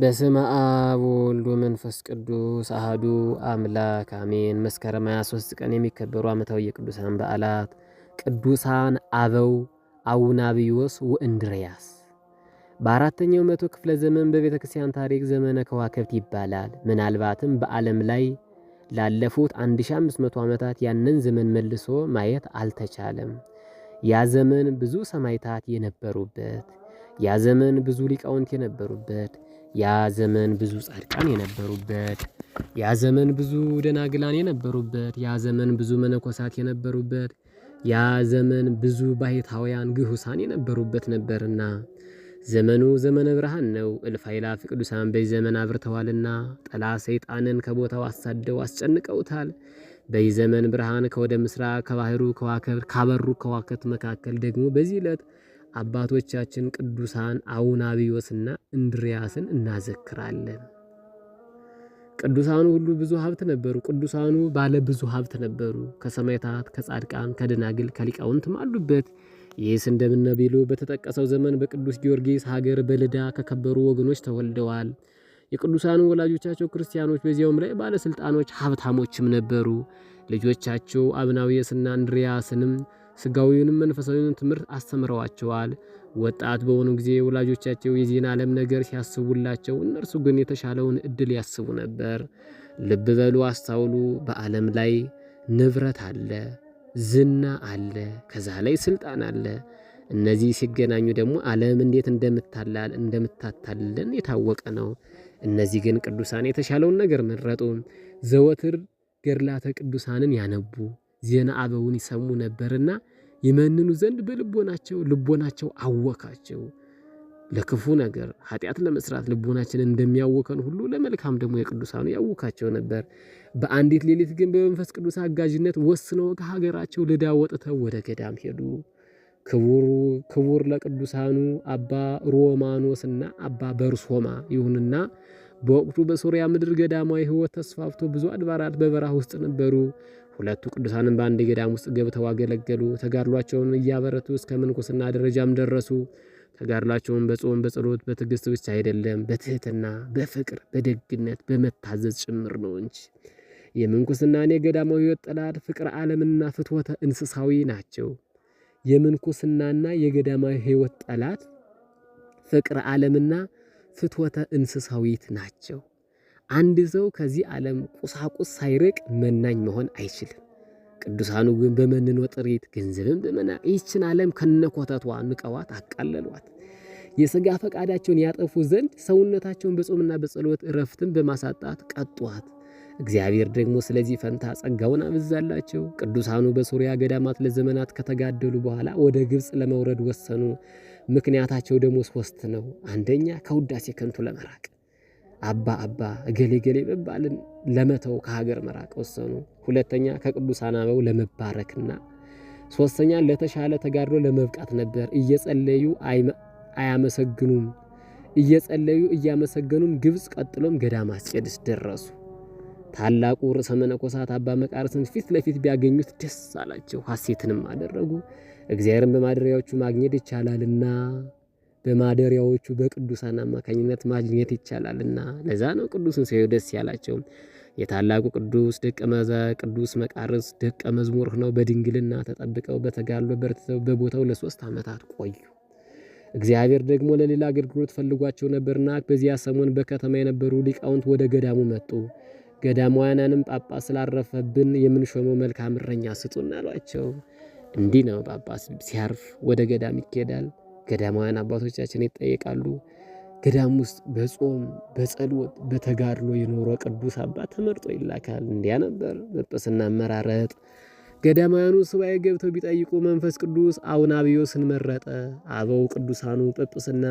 በስመ አብ ወወልድ ወመንፈስ ቅዱስ አሐዱ አምላክ አሜን። መስከረም 23 ቀን የሚከበሩ ዓመታዊ የቅዱሳን በዓላት ቅዱሳን አበው አብዮስ ወእንድርያስ። በአራተኛው መቶ ክፍለ ዘመን በቤተ ክርስቲያን ታሪክ ዘመነ ከዋክብት ይባላል። ምናልባትም በዓለም ላይ ላለፉት 1500 ዓመታት ያንን ዘመን መልሶ ማየት አልተቻለም። ያ ዘመን ብዙ ሰማይታት የነበሩበት፣ ያ ዘመን ብዙ ሊቃውንት የነበሩበት ያ ዘመን ብዙ ጻድቃን የነበሩበት፣ ያ ዘመን ብዙ ደናግላን የነበሩበት፣ ያ ዘመን ብዙ መነኮሳት የነበሩበት፣ ያ ዘመን ብዙ ባሕታውያን ግሁሳን የነበሩበት ነበርና ዘመኑ ዘመነ ብርሃን ነው። እልፍ አእላፍ ቅዱሳን በዚህ ዘመን አብርተዋልና ጠላ ሰይጣንን ከቦታው አሳደው አስጨንቀውታል። በዚህ ዘመን ብርሃን ከወደ ምስራቅ ከባህሩ ከዋክብት ካበሩ ከዋክብት መካከል ደግሞ በዚህ ዕለት አባቶቻችን ቅዱሳን አብዮስና እንድሪያስን እናዘክራለን። ቅዱሳኑ ሁሉ ብዙ ሀብት ነበሩ። ቅዱሳኑ ባለ ብዙ ሀብት ነበሩ። ከሰማዕታት፣ ከጻድቃን፣ ከደናግል፣ ከሊቃውንትም አሉበት። ይህስ እንደምነ ቢሉ በተጠቀሰው ዘመን በቅዱስ ጊዮርጊስ ሀገር በልዳ ከከበሩ ወገኖች ተወልደዋል። የቅዱሳኑ ወላጆቻቸው ክርስቲያኖች፣ በዚያውም ላይ ባለስልጣኖች ሀብታሞችም ነበሩ። ልጆቻቸው አብናዊስና እንድሪያስንም ስጋዊውንም መንፈሳዊውን ትምህርት አስተምረዋቸዋል። ወጣት በሆኑ ጊዜ ወላጆቻቸው የዚህን ዓለም ነገር ሲያስቡላቸው፣ እነርሱ ግን የተሻለውን እድል ያስቡ ነበር። ልብ በሉ፣ አስተውሉ። በዓለም ላይ ንብረት አለ፣ ዝና አለ፣ ከዛ ላይ ስልጣን አለ። እነዚህ ሲገናኙ ደግሞ ዓለም እንዴት እንደምታላል እንደምታታለን የታወቀ ነው። እነዚህ ግን ቅዱሳን የተሻለውን ነገር መረጡ። ዘወትር ገድላተ ቅዱሳንን ያነቡ ዜና አበውን ይሰሙ ነበርና ይመንኑ ዘንድ በልቦናቸው ልቦናቸው አወካቸው። ለክፉ ነገር ኃጢአት ለመስራት ልቦናችን እንደሚያወከን ሁሉ ለመልካም ደግሞ የቅዱሳኑ ያወካቸው ነበር። በአንዲት ሌሊት ግን በመንፈስ ቅዱስ አጋዥነት ወስነው ከሀገራቸው ልዳ ወጥተው ወደ ገዳም ሄዱ። ክቡር ለቅዱሳኑ አባ ሮማኖስና አባ በርሶማ ይሁንና በወቅቱ በሶሪያ ምድር ገዳማዊ ሕይወት ተስፋፍቶ ብዙ አድባራት በበረሃ ውስጥ ነበሩ። ሁለቱ ቅዱሳንም በአንድ ገዳም ውስጥ ገብተው አገለገሉ። ተጋድሏቸውን እያበረቱ እስከ ምንኩስና ደረጃም ደረሱ። ተጋድሏቸውን በጾም በጸሎት በትዕግስት ብቻ አይደለም፣ በትህትና በፍቅር በደግነት በመታዘዝ ጭምር ነው እንጂ የምንኩስናን የገዳማዊ ህይወት ጠላት ፍቅር ዓለምና ፍትወተ እንስሳዊ ናቸው። የምንኩስናና የገዳማዊ ህይወት ጠላት ፍቅር ዓለምና ፍትወተ እንስሳዊት ናቸው። አንድ ሰው ከዚህ ዓለም ቁሳቁስ ሳይርቅ መናኝ መሆን አይችልም። ቅዱሳኑ ግን በመንኖ ጥሪት ገንዘብን በመና ይችን ዓለም ከነኮተቷ ንቀዋት አቃለሏት። የሥጋ ፈቃዳቸውን ያጠፉ ዘንድ ሰውነታቸውን በጾምና በጸሎት እረፍትን በማሳጣት ቀጧት። እግዚአብሔር ደግሞ ስለዚህ ፈንታ ጸጋውን አበዛላቸው። ቅዱሳኑ በሶርያ ገዳማት ለዘመናት ከተጋደሉ በኋላ ወደ ግብፅ ለመውረድ ወሰኑ። ምክንያታቸው ደግሞ ሶስት ነው። አንደኛ ከውዳሴ ከንቱ ለመራቅ አባ አባ እገሌ ገሌ መባልን ለመተው ከሀገር መራቅ ወሰኑ። ሁለተኛ ከቅዱሳን አበው ለመባረክና ሶስተኛ ለተሻለ ተጋድሎ ለመብቃት ነበር። እየጸለዩ አያመሰግኑም እየጸለዩ እያመሰገኑም ግብፅ፣ ቀጥሎም ገዳመ አስቄጥስ ደረሱ። ታላቁ ርዕሰ መነኮሳት አባ መቃርስን ፊት ለፊት ቢያገኙት ደስ አላቸው፣ ሐሴትንም አደረጉ። እግዚአብሔርን በማደሪያዎቹ ማግኘት ይቻላልና በማደሪያዎቹ በቅዱሳን አማካኝነት ማግኘት ይቻላልና ለዛ ነው ቅዱስን ሲያዩ ደስ ያላቸው። የታላቁ ቅዱስ ደቀ መዘ ቅዱስ መቃርስ ደቀ መዝሙር ሆነው በድንግልና ተጠብቀው በተጋድሎ በርትተው በቦታው ለሶስት ዓመታት ቆዩ። እግዚአብሔር ደግሞ ለሌላ አገልግሎት ፈልጓቸው ነበርና በዚያ ሰሞን በከተማ የነበሩ ሊቃውንት ወደ ገዳሙ መጡ። ገዳማውያንንም ጳጳስ ስላረፈብን የምንሾመው መልካም እረኛ ስጡን አሏቸው። እንዲህ ነው ጳጳስ ሲያርፍ ወደ ገዳም ይኬዳል። ገዳማውያን አባቶቻችን ይጠየቃሉ። ገዳም ውስጥ በጾም በጸሎት በተጋድሎ የኖረ ቅዱስ አባት ተመርጦ ይላካል። እንዲያ ነበር ጵጵስና አመራረጥ። ገዳማውያኑ ሱባኤ ገብተው ቢጠይቁ መንፈስ ቅዱስ አቡነ አብዮስን መረጠ። አበው ቅዱሳኑ ጵጵስና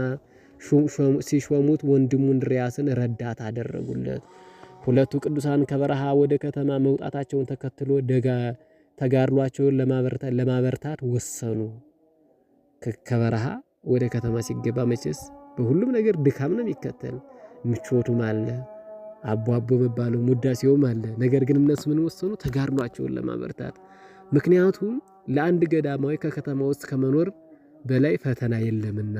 ሲሾሙት ወንድሙ እንድርያስን ረዳት አደረጉለት። ሁለቱ ቅዱሳን ከበረሃ ወደ ከተማ መውጣታቸውን ተከትሎ ደጋ ተጋድሏቸውን ለማበርታት ወሰኑ። ከበረሃ ወደ ከተማ ሲገባ መቼስ በሁሉም ነገር ድካም ነው የሚከተል። ምቾቱም አለ፣ አቦ አቦ መባሉ ውዳሴውም አለ። ነገር ግን እነሱ ምን ወሰኑ? ተጋድሏቸውን ለማበርታት። ምክንያቱም ለአንድ ገዳማዊ ከከተማ ውስጥ ከመኖር በላይ ፈተና የለምና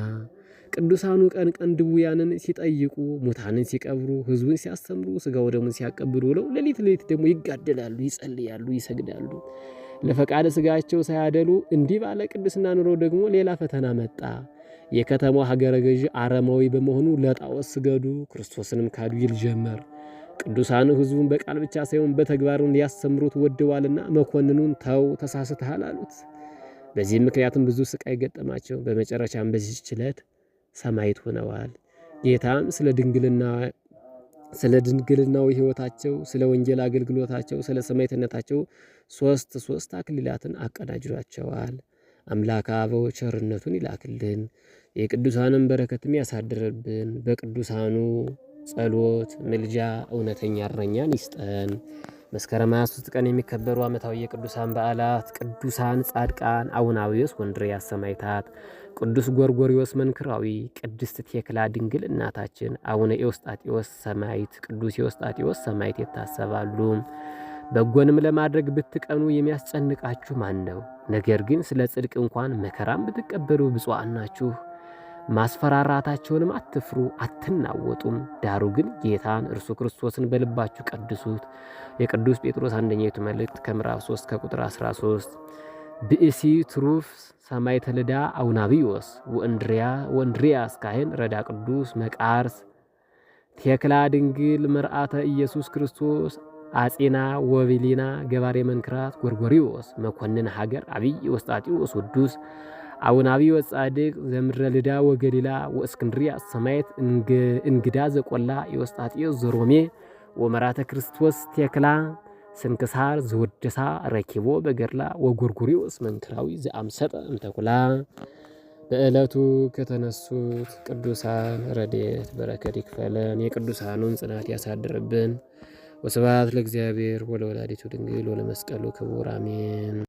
ቅዱሳኑ ቀን ቀን ድውያንን ሲጠይቁ፣ ሙታንን ሲቀብሩ፣ ህዝቡን ሲያስተምሩ፣ ስጋ ወደሙን ሲያቀብሉ ብለው ሌሊት ሌሊት ደግሞ ይጋደላሉ፣ ይጸልያሉ፣ ይሰግዳሉ። ለፈቃደ ስጋቸው ሳያደሉ እንዲህ ባለ ቅድስና ኑሮ ደግሞ ሌላ ፈተና መጣ። የከተማው ሀገረ ገዥ አረማዊ በመሆኑ ለጣዖት ስገዱ፣ ክርስቶስንም ካዱ ይል ጀመር። ቅዱሳኑ ህዝቡን በቃል ብቻ ሳይሆን በተግባሩን ሊያስተምሩት ወደዋልና መኮንኑን ተው ተሳስተሃል አሉት። በዚህም ምክንያትም ብዙ ስቃይ ገጠማቸው። በመጨረሻም በዚህች ዕለት ሰማዕት ሆነዋል። ጌታም ስለ ድንግልና ስለ ድንግልናው ሕይወታቸው፣ ስለ ወንጌል አገልግሎታቸው፣ ስለ ሰማዕትነታቸው ሶስት ሶስት አክሊላትን አቀዳጅሯቸዋል። አምላከ አበው ቸርነቱን ይላክልን፣ የቅዱሳንን በረከትም ያሳድርብን። በቅዱሳኑ ጸሎት ምልጃ እውነተኛ እረኛን ይስጠን። መስከረም 23 ቀን የሚከበሩ ዓመታዊ የቅዱሳን በዓላት ቅዱሳን ጻድቃን አቡናዊዎስ ወንድርያስ ሰማዕታት፣ ቅዱስ ጎርጎርዮስ መንክራዊ፣ ቅድስት ቴክላ ድንግል እናታችን፣ አቡነ ኤዎስጣቴዎስ ሰማዕት፣ ቅዱስ ኤዎስጣቴዎስ ሰማዕት ይታሰባሉ። በጎንም ለማድረግ ብትቀኑ የሚያስጨንቃችሁ ማን ነው? ነገር ግን ስለ ጽድቅ እንኳን መከራም ብትቀበሉ ብፁዓን ናችሁ። ማስፈራራታቸውንም አትፍሩ፣ አትናወጡም። ዳሩ ግን ጌታን እርሱ ክርስቶስን በልባችሁ ቀድሱት። የቅዱስ ጴጥሮስ አንደኛይቱ መልእክት ከምዕራፍ 3 ከቁጥር 13 ብእሲ ትሩፍ ሰማይ ተልዳ አውናብዮስ ወእንድሪያስ ካህን ረዳ ቅዱስ መቃርስ ቴክላ ድንግል መርአተ ኢየሱስ ክርስቶስ አጼና ወቢሊና ገባሬ መንክራት ጎርጎሪዎስ መኮንን ሀገር አብይ ወስጣጢዎስ ውዱስ አቡነ አብዮት ወጻድቅ ዘምድረ ልዳ ወገሊላ ወእስክንድርያ ሰማየት እንግዳ ዘቆላ የወስጣጤው ዘሮሜ ወመራተ ክርስቶስ ቴክላ ስንክሳር ዘወደሳ ረኪቦ በገድላ ወጎርጉሪው እስመንክራዊ ዘአምሰጠ እምተኩላ። በዕለቱ ከተነሱት ቅዱሳን ረድኤት በረከት ይክፈለን፣ የቅዱሳኑን ጽናት ያሳድርብን። ወስብሐት ለእግዚአብሔር ወለወላዲቱ ድንግል ወለመስቀሉ ክቡር አሜን።